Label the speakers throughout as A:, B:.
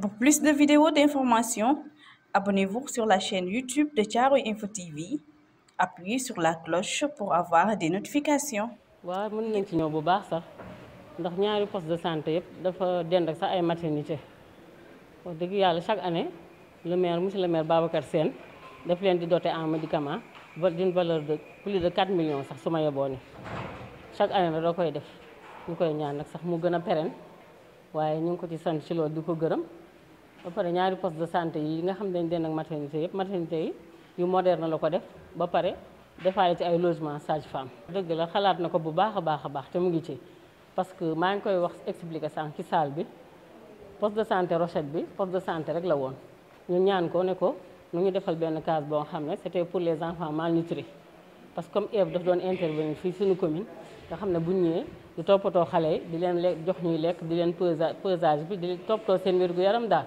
A: Pour plus de vidéos d'informations, abonnez-vous sur la chaîne YouTube de Charo Info TV. Appuyez sur la cloche pour avoir des notifications. Oui, mën nañ ci de bu baax sax ndax ñaari poste de santé yëpp dafa dend maternité chaque année le maire monsieur le maire Babacar Sen, daf leen di en médicaments d'une valeur de plus de 4 millions chaque année la da koy def ñu koy ñaan nag sax mu gën a pérenne waaye ñu ko ci sant ci ba pare ñaari poste de santé yi nga xam dañ den ak maternité yëpp maternité yi yu moderne la ko def ba pare defaale ci ay logement sage-femme dëgg la xalaat na ko bu baax a baax a baax te mu ngi ci parce que maa ngi koy wax expliquer sànq ci salle bi poste de santé Rochette bi poste de santé rek la woon ñu ñaan ko ne ko nu ñu defal benn case boo xam ne c'était pour les enfants malnutris parce que comme Ève daf doon intervenir fii suñu commune nga xam ne bu ñu ñëwee toppatoo xale di leen lekk jox ñuy lekk di leen pesage bi di toppatoo seen wér yaram daal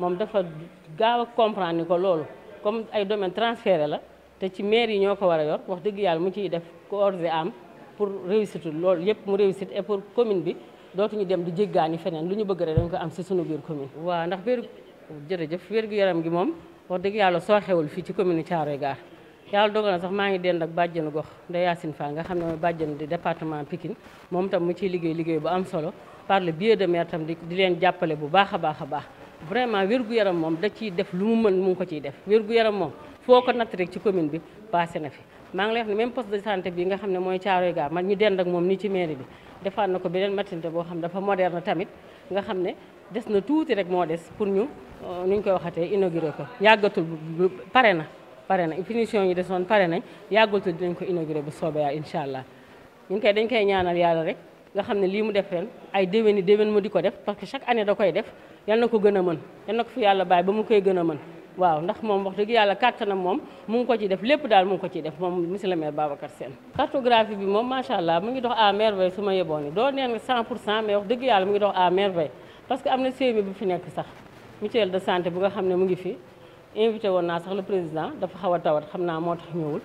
A: moom dafa gaaw a comprendre ni ko loolu comme ay domaine transféré la te ci maire yi ñoo ko war a yor wax dëgg yàlla mu ciy def coordonné am pour réussite lool yëpp mu réussit et pour commune bi dootuñu dem di jéggaani feneen lu ñu bëgg rek dañ ko am si sunu biir commune. waa ndax wér jërëjëf wér gu yaram gi moom wax dëgg yàlla soo xewul fii ci commune Thiaroye Gare yàlla dogal na sax maa ngi dend ak bàjjenu gox Ndeye Yacine Fall nga xam ne mooy bàjjenu département Pikine moom tam mu ciy liggéey liggéey bu am solo par le biais de di leen jàppale bu baax a baax baax. vraiment wér yaram moom da ciy def lu mu mën mu ngi ko ciy def wér yaram moom foo ko natt rek ci commune bi passé na fi maa ngi lay wax ne même poste de santé bi nga xam ne mooy Caaroy Gaar man ñu dend ak moom ni ci mairie bi defaat na ko beneen maternité boo xam ne dafa moderne tamit nga xam ne des na tuuti rek moo des pour ñu euh, nuñ koy waxatee inauguré ko yàggatul pare na pare na finition yi desoon pare nañ yàggatul dinañ ko inauguré bu soobee yaa incha allah ñu ngi koy dañ koy ñaanal yàlla rek nga xamne li mu def ren ay déwéni déwén mo diko def parce que chaque année da koy def yalla nako gëna gën a mën yal na fi yàlla bay ba mu koy gëna a mën waaw ndax mom wax deug yàlla kàttanam mom mu ngi ko ci def lépp dal mu ngi ko ci def mom monsieur le maire Babacar sen cartographie bi moom macha allah mu ngi dox à merveille suma yeboni do ni neen 100 mais wax deug yàlla mu ngi dox à merveille parce que amna sémi bu fi nek sax mutuelle de santé bu nga xamne mu ngi fi invité woon naa sax le président dafa xawa tawat xamna naa tax ñëwul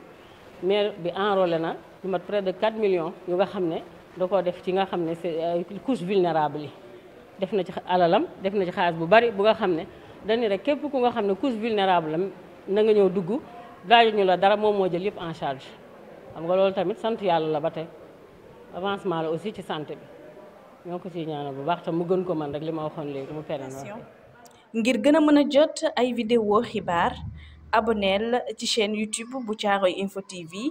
A: maire bi enrôlé na lu mat près de 4 millions yu nga xamne da koo def ci nga xamné ne c'est euh, couche vulnérable def na ci alalam def na ci xaalis bu bari bu nga xamné ne dañu rek képp ku nga xamné ne couche vulnérable na nga ñëw dugg ñu la dara moom mo jël yépp en charge xam nga lool tamit sante yalla la ba avancement la aussi ci santé bi ñoo ko ciy ñaanal bu baax te mu gën ko man rek li ma waxoon léegi mu péré ngir gëna mëna mën jot ay vidéo xibaar abonnel ci chaîne YouTube bu Caaroy Info TV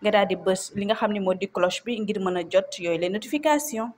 A: nga daal di bës li nga xam ne moo di cloche bi ngir mën a jot yooyu les notification